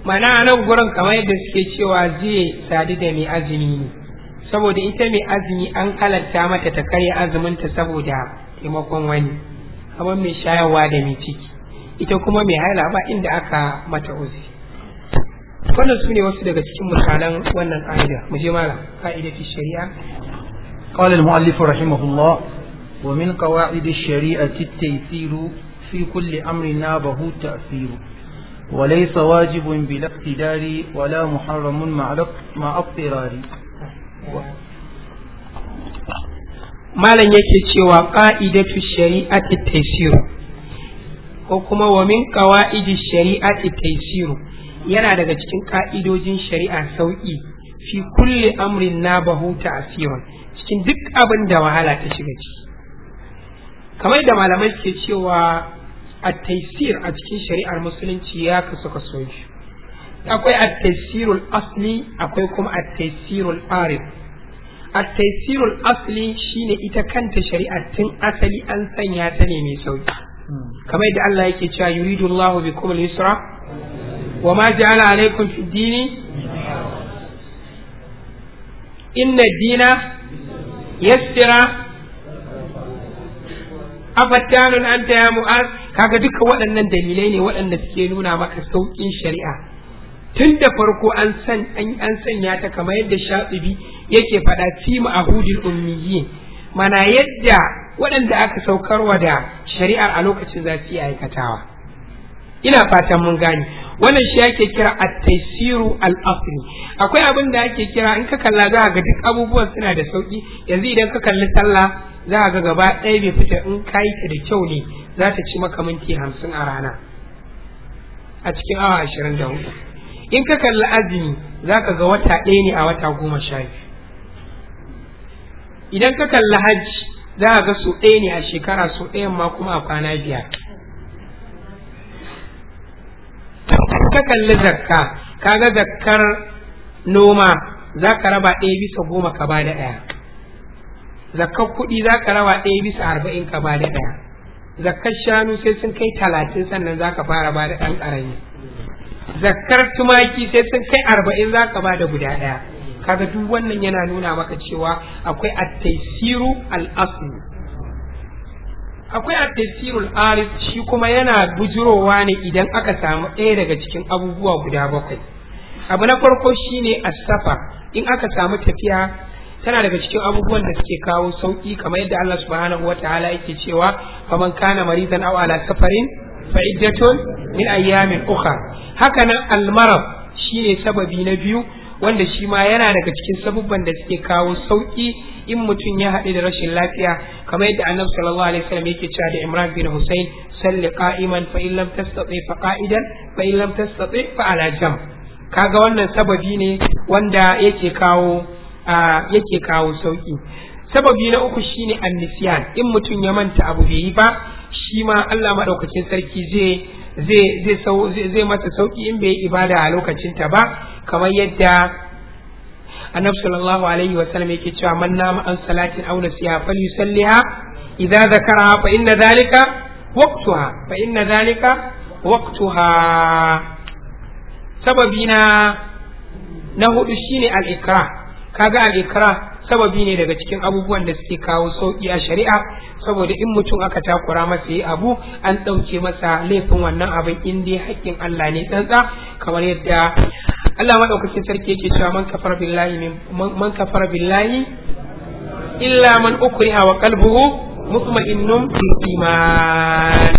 mana a nan gurin kamar yadda suke cewa zai sadu da mai azumi ne saboda ita mai azumi an halatta mata ta karya azuminta saboda taimakon wani kamar mai shayarwa da mai ciki ita kuma mai haila ba inda aka mata uzi wannan su ne wasu daga cikin misalan wannan ka'ida mu je mala ka'ida ta shari'a قال المؤلف رحمه الله ومن قواعد الشريعة التيسير في كل أمر نابه تأثير وليس واجب بلا اقتدار ولا محرم مع اضطرار malam yake cewa ƙa'idatu shari'ati taisiru ko kuma wa min ƙawa'idi shari'ati taisiru yana daga cikin ƙa'idodin shari'a sauƙi fi kulle amrin na bahuta asiran cikin duk abinda da wahala ta shiga ciki kamar da malamai ke cewa A taysir a cikin shari'ar musulunci ya kasu kaso akwai a taysirul asli akwai kuma at-taysirul arif at-taysirul asli shine ita kanta shari'ar tun asali an sanya ta ne mai sauki kamar yadda Allah yake cewa yuridu Allahu bikum al-yusra wa ma ja'ala alaykum fi dini inna dina yassira afattanun anta ya mu'az kaga duka waɗannan dalilai ne waɗanda suke nuna maka sauƙin shari'a tun da farko an san an sanya ta kamar yadda shatsibi yake faɗa timu ahudil ummiyi mana yadda waɗanda aka saukarwa da shari'a a lokacin za su yi aikatawa ina fatan mun gane wannan shi yake kira at-taysiru al-asli akwai abin da ake kira in ka kalla za ga duk abubuwan suna da sauƙi yanzu idan ka kalli sallah za a ga gaba ɗaya bai fita in ka yi ta da kyau ne za ta ci maka minti hamsin a rana a cikin awa ashirin da hudu in ka kalli azumi za ka ga wata ɗaya ne a wata goma sha idan ka kalli hajji za a ga so ɗaya ne a shekara so ɗayan ma kuma a kwana biyar ka kalli zakka ka ga zakkar noma za ka raba ɗaya bisa goma ka ba da ɗaya zakar kuɗi za ka rawa ɗaya bisa arba'in ka ba da ɗaya zakar shanu sai sun kai talatin sannan za ka fara ba da ɗan ƙarami zakar tumaki sai sun kai arba'in za ka ba da guda ɗaya kaga duk wannan yana nuna maka cewa akwai at-taisiru akwai at-taisiru shi kuma yana bujurowa ne idan aka samu ɗaya daga cikin abubuwa guda bakwai abu na farko shine as-safar in aka samu tafiya tana daga cikin abubuwan da suke kawo sauki kamar yadda Allah subhanahu ta'ala yake cewa faman kana maridan aw ala safarin fa iddatun min ayyamin ukha haka nan almarab shine sababi na biyu wanda shi ma yana daga cikin sabubban da suke kawo sauki in mutum ya haɗu da rashin lafiya kamar yadda annabi sallallahu alaihi wasallam yake cewa da Imran bin Hussein salli qa'iman fa in lam tastati fa qa'idan fa in lam tastati fa ala jam kaga wannan sababi ne wanda yake kawo yake kawo sauki sababi na uku shine annisiyan in mutum ya manta abu bai yi ba shi ma Allah madaukakin sarki zai zai zai zai masa sauki in bai yi ibada a lokacin ta ba kamar yadda annabi sallallahu alaihi wa sallam yake cewa man nama an salatin aw nasiha falyusalliha idza zakara fa inna zalika waqtuha fa inna zalika waqtuha sababi na na hudu shine al-ikra kaga ga sababi ne daga cikin abubuwan da suke kawo sauƙi a shari'a saboda in mutum aka takura masa yi abu an ɗauke masa laifin wannan abin in dai haƙƙin Allah ne tsantsa kamar yadda Allah maɗaukacin sarki yake cewa man kafara billahi man kafara billahi illa man ukriha wa qalbuhu mutma'innun bil iman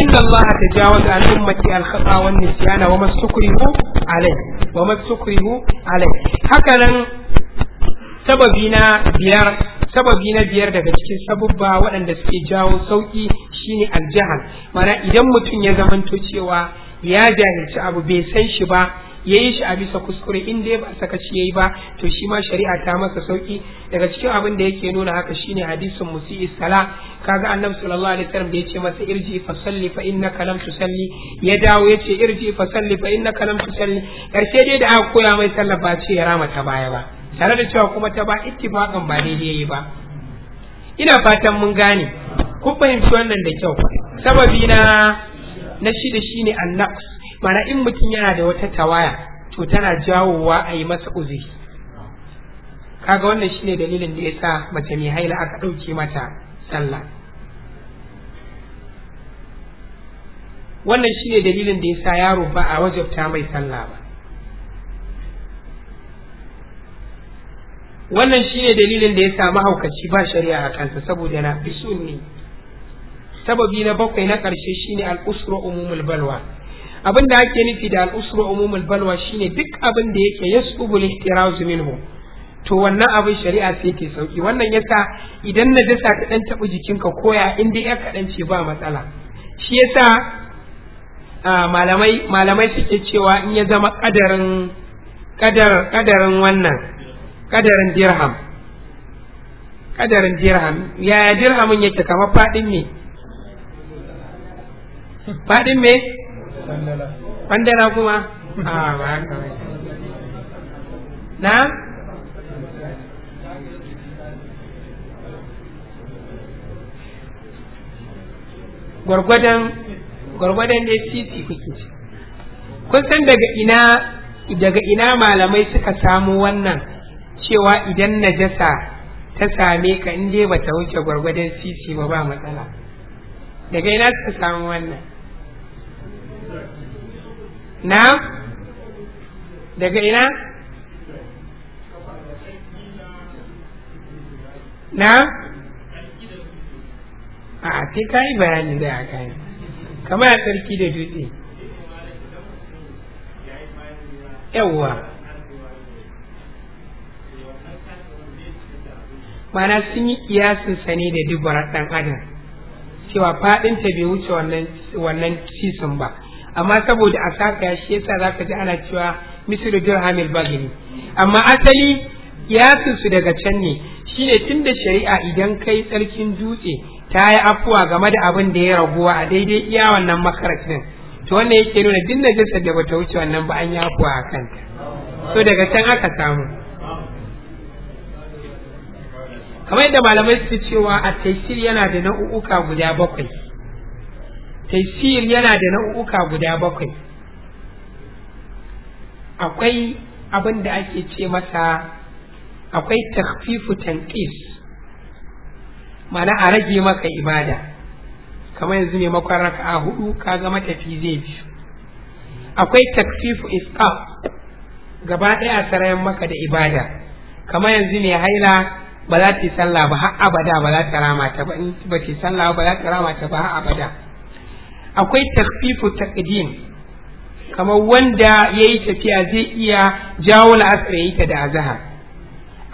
إن الله تجاوز عن أمتي الخطأ والنسيان وما استكرهوا alai wa masukrihu alai haka nan sababi na biyar sababi na biyar daga cikin sababba waɗanda suke jawo sauƙi shine aljahal mana idan mutum ya zamanto cewa ya jahilci abu bai san shi ba ya yi shi a bisa kuskure in dai ba a sakaci ya yi ba to shi ma shari'a ta masa sauki daga cikin abin da yake nuna haka shine hadisin musi'i sala kaga annabi sallallahu alaihi wasallam da yace masa irji fa salli fa innaka lam tusalli ya dawo yace irji fa salli fa innaka lam tusalli karshe dai da aka koya mai sallah ba ce ya rama ta baya ba tare da cewa kuma ta ba ittifaqan ba daidai yayi ba ina fatan mun gane ku fahimci wannan da kyau sababi na na shida shine annaqs mana in mutum yana da wata tawaya to tana jawowa a yi masa uzuri kaga wannan shine dalilin da ya sa mace mai haila aka ɗauke mata sallah wannan shine dalilin da ya sa yaro ba a wajabta mai sallah ba wannan shine dalilin da ya sa mahaukaci ba shari'a a kansa saboda na fi ne sababi na bakwai na ƙarshe shine ne usru umumul balwa abin da ake nufi da al'usru umumul balwa shine duk abin da yake yasubu lihtiraz minhu to wannan abin shari'a sai ke sauki wannan yasa idan najasa ta dan tabi jikinka koya in dai ya ce ba matsala shi yasa malamai malamai suke cewa in ya zama kadarin kadar kadarin wannan kadarin dirham kadarin dirham yaya dirhamin yake kamar fadin ne fadin me kwandala kuma a ah, ba haka ba na gwargwadon gwargwadon dai titi kuke ci kun san daga ina daga ina malamai suka samu wannan cewa idan najasa ta same ka in dai bata wuce gwargwadon titi ba ba matsala daga ina suka samu wannan na daga ina na a sai ka yi bayani da aka yi kamar a tsarki da dutse yawwa mana sun yi kiyasin sani da dubbar ɗan adam cewa faɗinta bai wuce wannan cisin ba amma saboda a saka shi yasa zaka ji ana cewa misru dirhamil bagini amma asali kiyasin su daga can ne shine tunda shari'a idan kai tsarkin dutse ta yi afuwa game da abin da ya raguwa a daidai iya wannan makarashin to wannan yake nuna duk jinsa da bata wuce wannan ba an yi afuwa a kanta so daga can aka samu kamar yadda malamai suke cewa a taisir yana da nau'uka guda bakwai taysir yana da nau'uka guda bakwai akwai abin da ake ce masa akwai takfifu tanqis mana a rage maka ibada kamar yanzu ne makon raka'a hudu ka ga matafi zai bi. akwai takfifu isqaf gaba ɗaya sarayen maka da ibada kamar yanzu ne haila ba za ta yi sallah ba har abada ba za ta rama ta ba in ba ta yi sallah ba za ta rama ta ba har abada akwai takfifu taqdim kamar wanda yayi tafiya zai iya jawo la'asar yayi ta da azhar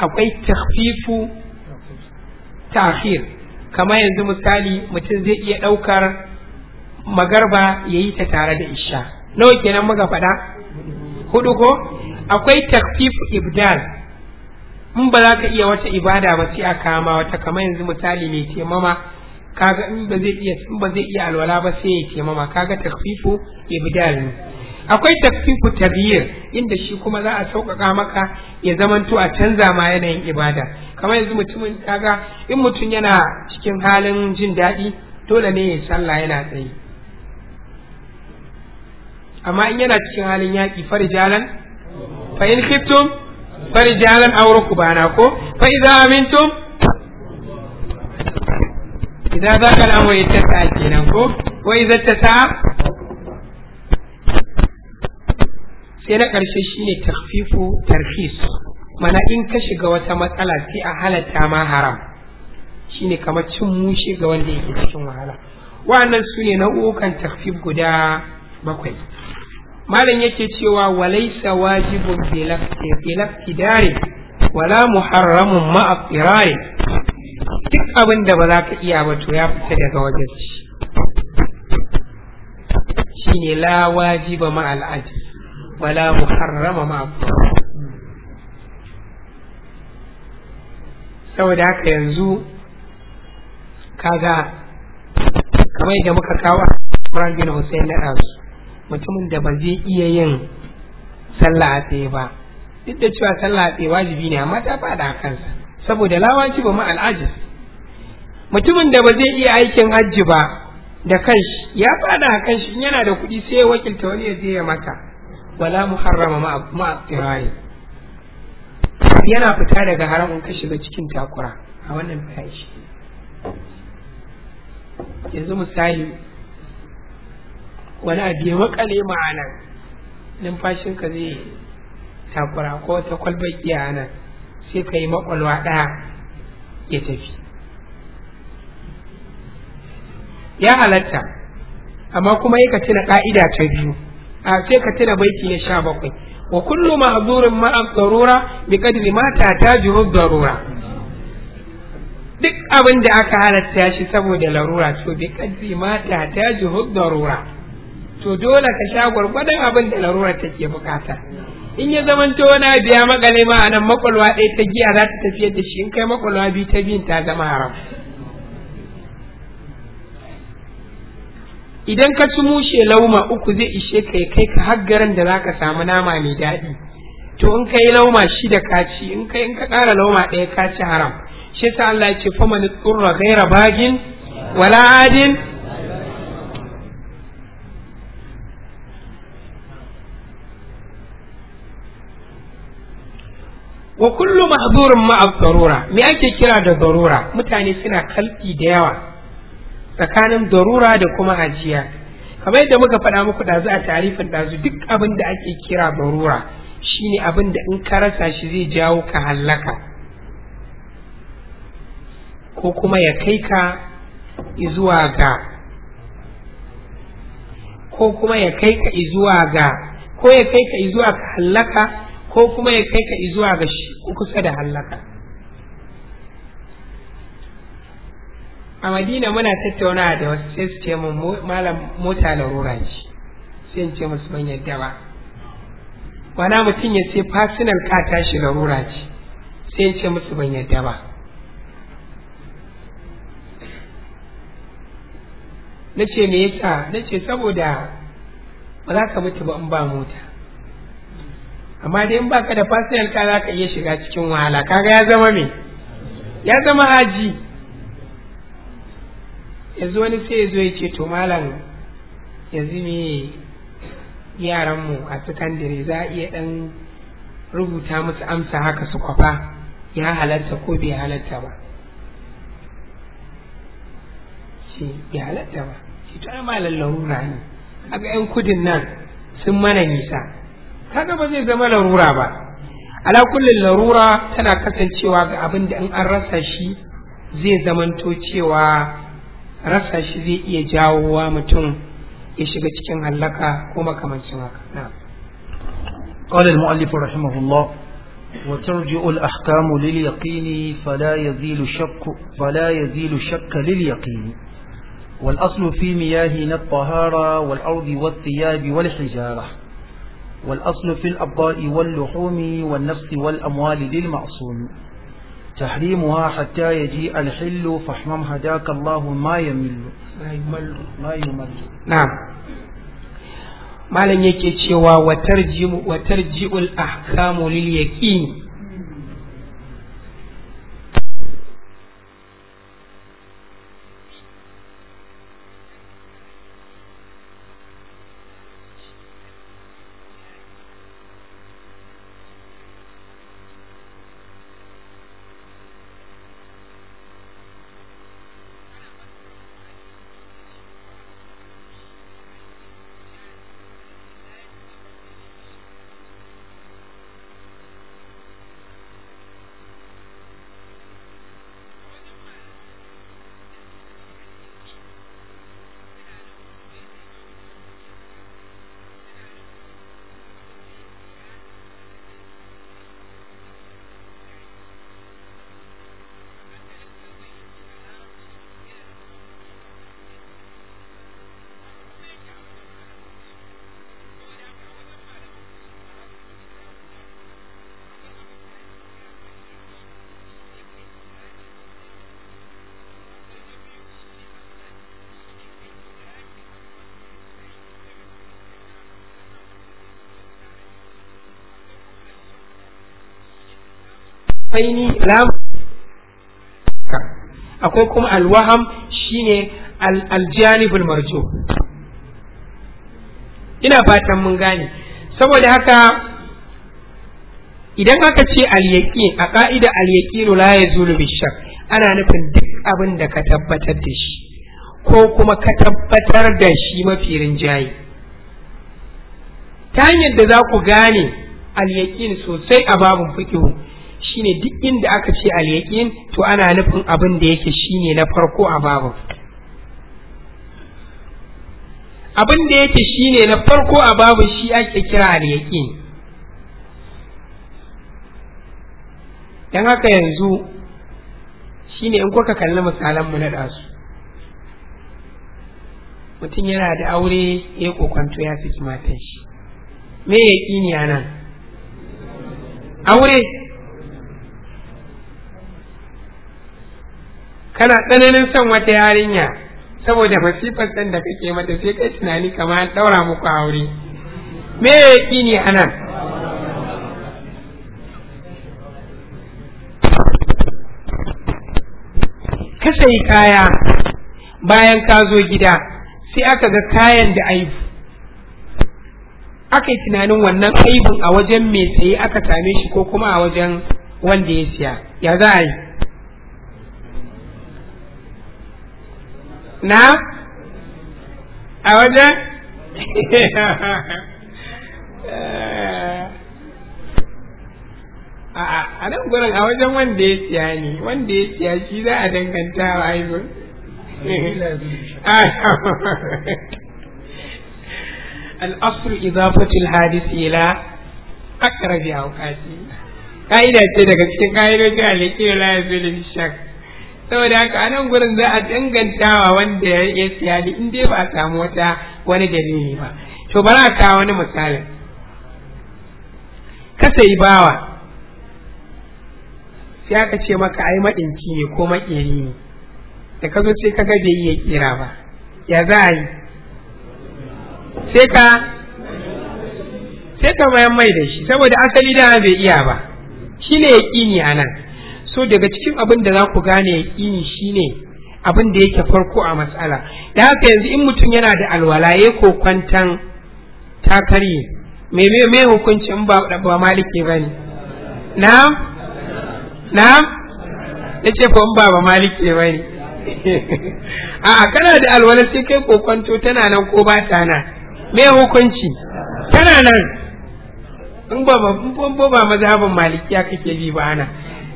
akwai takfifu ta'khir kamar yanzu misali mutum zai iya daukar magarba yayi ta tare da isha nawa kenan muka faɗa hudu ko akwai takfifu ibdal in ba za ka iya wata ibada ba sai a kama wata kamar yanzu misali mai taimama kaga in ba zai iya in ba zai iya alwala ba sai ya mama kaga takfifu ibdal ne akwai takfifu tabyir inda shi kuma za a sauƙaƙa maka ya zamanto a canza ma yanayin ibada kamar yanzu mutumin kaga in mutum yana cikin halin jin daɗi dole ne ya sallah yana tsaye amma in yana cikin halin yaƙi farijalan fa in khiftum farijalan ku bana ko fa idza amintum idan za ka ya tasa kenan sai na ƙarshe shine takfifu tarfis, mana in ka shiga wata matsala sai a halatta ma haram shine kamar cin mushe ga wanda yake cikin wahala wa'annan su ne nau'ukan takfif guda bakwai malam yake cewa walaisa wajibin filafti dare wala muharramun ma'a abin da ba za ka iya ba to ya fita daga wajen shi Shi ne la wajiba ma al'aji mu muharrama ma saboda haka yanzu kaga kamar yadda muka kawo kuran bin Hussein na ɗansu mutumin da ba zai iya yin sallah a tsaye ba duk da cewa sallah a tsaye wajibi ne amma ta faɗa a kansa saboda lawaji ba ma al'ajis mutumin da ba zai iya aikin hajji ba da kanshi ya fada a kanshi yana da kuɗi sai ya wakilta wani ya je ya mata wala muharrama ma tsirari yana fita daga haramun kashi ka shiga cikin takura a wannan bayan yanzu misali wani abu ya makale ma'ana ka zai takura ko wata kwalbar iya nan sai ka yi makwalwa ɗaya ya tafi ya halatta amma kuma yaka tuna ƙa'ida ta biyu a sai ka tuna baiti na sha bakwai wa kullu ma'zurin an darura bi kadri ma darura duk abin da aka halatta shi saboda larura to bi kadri ma tatajiru darura to dole ka sha gwargwadon abin da larura take bukata in ya zaman zamanto na biya makale ma anan makwalwa ɗaya ta giya za ta tafiyar da shi in kai makwalwa biyu ta biyun ta zama haram idan ka ci mushe lauma uku zai ishe ka ya kai ka haggaran da zaka samu nama mai daɗi to in ka yi lauma shida ka ci in ka in ka ƙara lauma ɗaya ka ci haram shi yasa Allah ya ce man tsurra ghaira bagin wala adin wa kullu mahdhurun ma'a darura me ake kira da darura mutane suna kalki da yawa tsakanin darura da kuma ajiya kamar yadda muka faɗa muku ɗazu a tarifin ɗazu duk abin da ake kira darura shine abin da in ka rasa shi zai jawo ka hallaka ko kuma ya kai ka zuwa ga ko kuma ya kai ka zuwa ga ko ya kai ka zuwa ga hallaka ko kuma ya kai ka zuwa ga shi kusa da hallaka a madina muna tattauna da wasu sai su ce mu malam mota rora ce sai in ce musu ban yadda ba wana mutum ya ce personal ka tashi rora ce sai in ce musu ban yadda ba na ce me yasa na ce saboda ba za ka mutu ba in ba mota amma dai in baka da personal ka za ka iya shiga cikin wahala kaga ya zama me ya zama haji yanzu wani sai ya zo ya ce to malam yanzu yaran mu a sakandare za a iya ɗan rubuta musu amsa haka su kwafa ya halatta ko bai halatta ba shi bai halatta ba shi to ai malam larura ne kaga yan kudin nan sun mana nisa kaga ba zai zama larura ba ala kullin larura tana kasancewa ga abin da in an rasa shi zai zamanto cewa rasa shi zai iya jawowa mutum ya shiga cikin hallaka ko makamancin haka na قال المؤلف رحمه الله وترجع الأحكام لليقين فلا يزيل شك فلا يزيل شك لليقين والأصل في مياهنا الطهارة والأرض والثياب والحجارة والأصل في الأبضاء واللحوم والنفس والأموال للمعصوم تحريمها حتى يجيء الحل فاحمم هداك الله ما يمل ما يمل نعم malam yake cewa وترجم وترجئ الأحكام lil faini lam akwai kuma alwaham shine aljanibul marjo ina fatan mun gane saboda haka idan aka ce alyaki a ka'ida alyaqinu la yazulu bishak ana nufin duk abin da ka tabbatar da shi ko kuma ka tabbatar da shi mafi rinjaye ta hanyar da za ku gane alyaƙin sosai a babun fikihu shine duk inda aka ce al yaqin to ana nufin abin da yake shine na farko a babu abin da yake shine na farko a babu shi ake kira al yaqin dan haka yanzu shine in kuka kalli misalan mu na dasu mutum yana da aure ya kokwanto ya saki matan shi me yaqini anan aure kana tsananin son wata yarinya saboda masifar ɗan da kake mata sai kai tunani kamar an ɗaura muku aure me ya yi ne a nan ka sayi kaya bayan ka zo gida sai aka ga kayan da aibu aka yi tunanin wannan aibun a wajen mai tsaye aka same shi ko kuma a wajen wanda ya siya ya za a yi na a wajen [laughs] a nan gurin a wajen wanda ya siya ne wanda ya siya shi za a danganta wa aibin [laughs] al'asur izafatul hadis ila akara a wukati ka'ida ce daga cikin ka'idojin alaƙi la ya zo da shak saboda haka a nan gurin za a dangantawa wanda ya siya ni in dai ba a samu wata wani dalili ba to bari a kawo wani misalin ka sayi bawa sai aka ce maka ai maɗinki ne ko maƙeri ne da ka zo sai ka bai iya kira ba ya za a yi sai ka sai ka mayan mai da shi saboda asali da bai iya ba shi ne ya ni a nan so daga cikin abin da za ku gane shi ne abin da yake farko a matsala da haka yanzu in mutum yana da alwala ya ko kwantan takari mai me me hukuncin ba ba maliki ne na na ce fa ba ba maliki ne [laughs] a kana da alwala sai kai ko kwanto tana nan ko ba ta nan me hukunci tana nan in ba ba maliki ya kake bi ba ana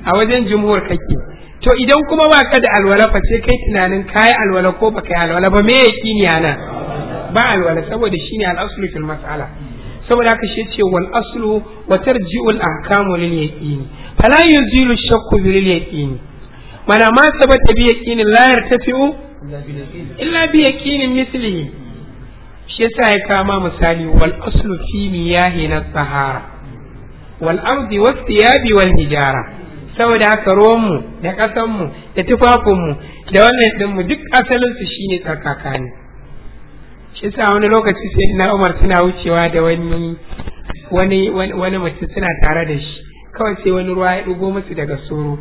a wajen jumhur kake to idan kuma ba ka da alwala fa sai kai tunanin kai alwala ko ba kai alwala ba me ni ana ba alwala saboda shine al-aslu fil mas'ala saboda haka shi ce wal aslu wa tarji'u al-ahkamu lil yaqini fala yuzilu shakku bil yaqini mana ma sabata bi yaqini la yartafi'u illa bi yaqini mislihi shi yasa ya kama misali wal aslu fi miyahi na sahara wal ardi was thiyabi wal hijara saboda haka ruwanmu da ƙasanmu da tufafinmu da wannan ɗinmu duk asalinsu shine tsarkaka ne shi sa wani lokaci sai na umar suna wucewa da wani wani wani mutum suna tare da shi kawai sai wani ruwa ya dugo musu daga soro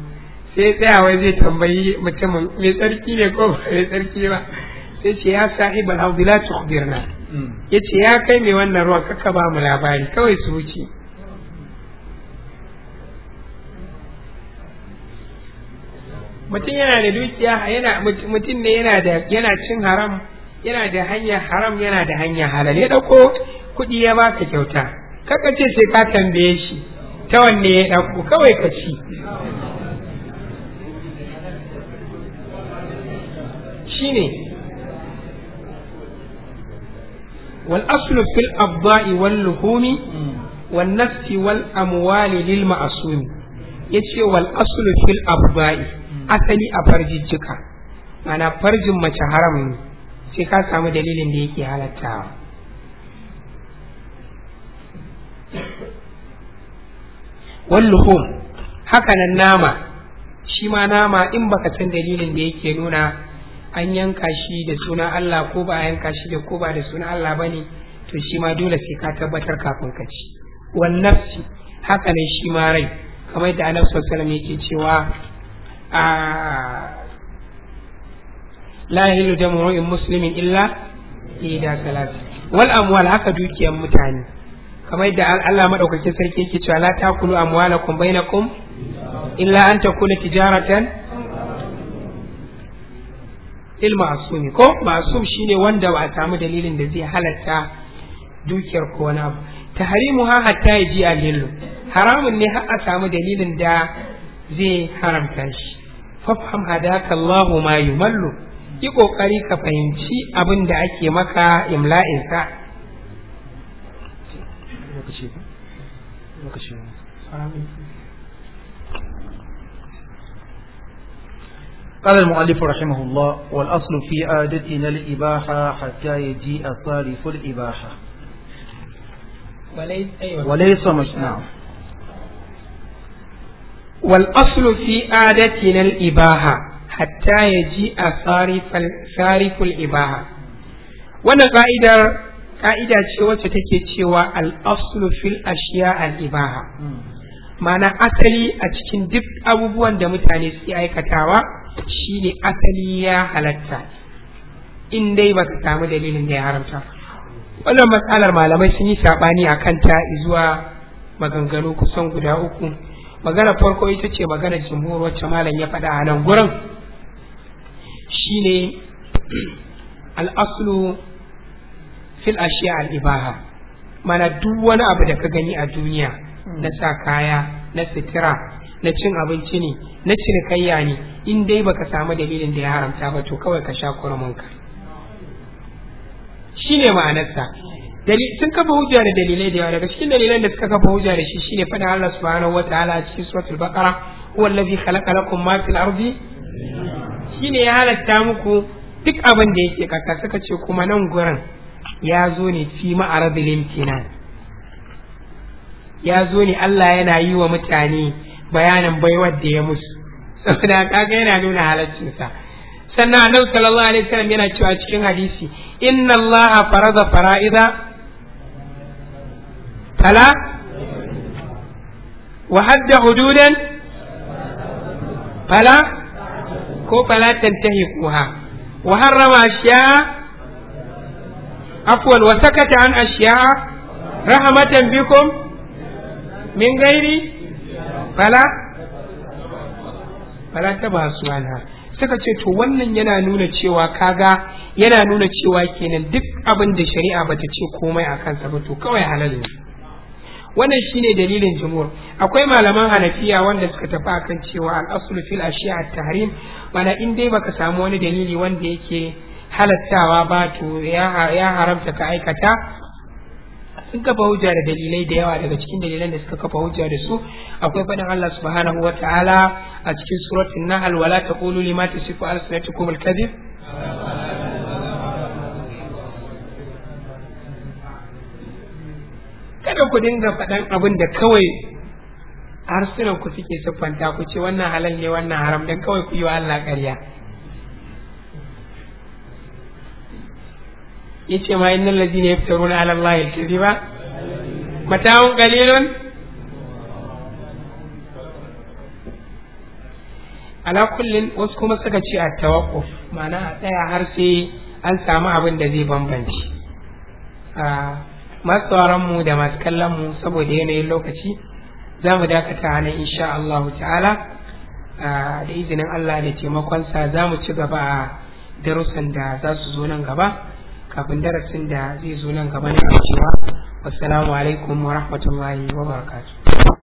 sai wai zai tambayi mutumin mai tsarki ne ko mai tsarki ba sai ce ya sahibal haudi la tukhbirna mm. yace ya kai mai wannan ruwa kaka ba mu labari kawai su wuce mutum yana da dukiya yana mutum ne yana da yana cin haram yana da hanya haram yana da hanya halal ya dauko kuɗi ya baka kyauta kaka ce sai ka tambaye shi ta wanne ya dauko kawai ka ci shine wal aslu fil abda'i wal luhumi wan nafsi wal amwali lil ma'sumi yace wal aslu fil abda'i asali a farjijjika mana farjin mace haram ne sai ka samu dalilin da yake halattawa walluhum hakanan nama shi ma nama in baka san dalilin da yake nuna an yanka shi da suna Allah ko ba a yanka shi da ko ba da suna Allah ba ne to shi ma dole sai ka tabbatar kafin ka ci wannan haka ne shi ma rai kamar da annabi sallallahu alaihi wasallam yake cewa Ah. la yahillu damu muslimin illa ida salat wal amwal haka dukiyar mutane kamar da Allah madaukakin sarki yake cewa la takulu amwalakum bainakum illa an takuna tijaratan il ma'asumi ko ma'asum shine wanda ba a samu dalilin da zai halatta dukiyar ko wani abu tahrimu ha hatta yaji al haramun ne har a samu dalilin da zai haramta shi fafham hadaka Allahu ma yumallu yi kokari ka fahimci abin da ake maka imla'in sa قال المؤلف رحمه الله والأصل في عادتنا الإباحة حتى يجيء صارف الإباحة وليس, أيوة. وليس مجنعه wal aslu fi ibaha hatta yaji a sariful ibaha wannan ka'idar ka'ida ce wacce take cewa al aslu fil ashiya ma'ana asali a cikin duk abubuwan da mutane suke aikatawa shine asali ya halatta in dai ba ka samu dalilin da ya haramta wannan matsalar malamai sun yi saɓani a kanta zuwa maganganu kusan guda uku magana farko ita ce magana jimuru wacce malam ya faɗa a nan gurin shine al'aslu fil ashiya al'ibaha mana duk wani abu da ka gani a duniya hmm. na sa kaya na sitira na cin abinci ne na cinikayya ne in dai baka samu dalilin da ya haramta ba to kawai ka sha kuramanka shi ne ma'anarsa sun kafa hujja da dalilai da yawa daga cikin dalilan da suka kafa hujja da shi shine faɗin Allah subhanahu wataala a cikin suratul baqara huwa allazi khalaqa lakum ma fil ardi shine ya halatta muku duk abin da yake kaka suka ce kuma nan gurin ya zo ne fi ma'aradil imtinan ya zo ne Allah yana yi wa mutane bayanin baiwar da ya musu saboda kaga yana nuna halaccinsa sannan annabi sallallahu alaihi wasallam yana cewa cikin hadisi inna allaha farada fara'ida فلا وحد حدودا فلا كو فلا تنتهكوها وحرم أشياء عفوا وسكت عن أشياء رحمة بكم من غير فلا فلا تبحثوا سؤالها suka ce to wannan yana nuna cewa kaga yana nuna cewa kenan duk abin da shari'a bata ce komai a kansa ba to kawai halal ne wannan shine dalilin jumhur akwai malaman hanafiya wanda suka tafi akan cewa al-aslu fil ashiya at-tahrim mana in dai baka samu wani dalili wanda yake halattawa ba to ya haramta ka aikata sun kafa hujja da dalilai da yawa daga cikin dalilan da suka kafa hujja da su akwai faɗin Allah subhanahu wa ta'ala a cikin suratul nahl wala taqulu lima tasifu al-sunatukum al-kadhib kada ku dinga faɗan abin da kawai harsunan ku suke siffanta ku ce wannan halal ne wannan haram dan kawai ku yi wa Allah ƙarya yace ma innal ladina yaftaruna ala allahi al-kadhiba mata'un qalilun ala kullin wasu kuma suka ce a tawakkuf ma'ana a tsaya har sai an samu abin da zai bambanci. Ah, masu mu da masu kallon mu saboda yanayin lokaci za mu dakata hannun insha Allah ta'ala ah, da izinin Allah da taimakonsa za mu ci gaba a darussan da za su zo nan gaba kafin darasin da zai zo nan gaba na cewa wassalamu alaikum wa rahmatullahi wa barakatuh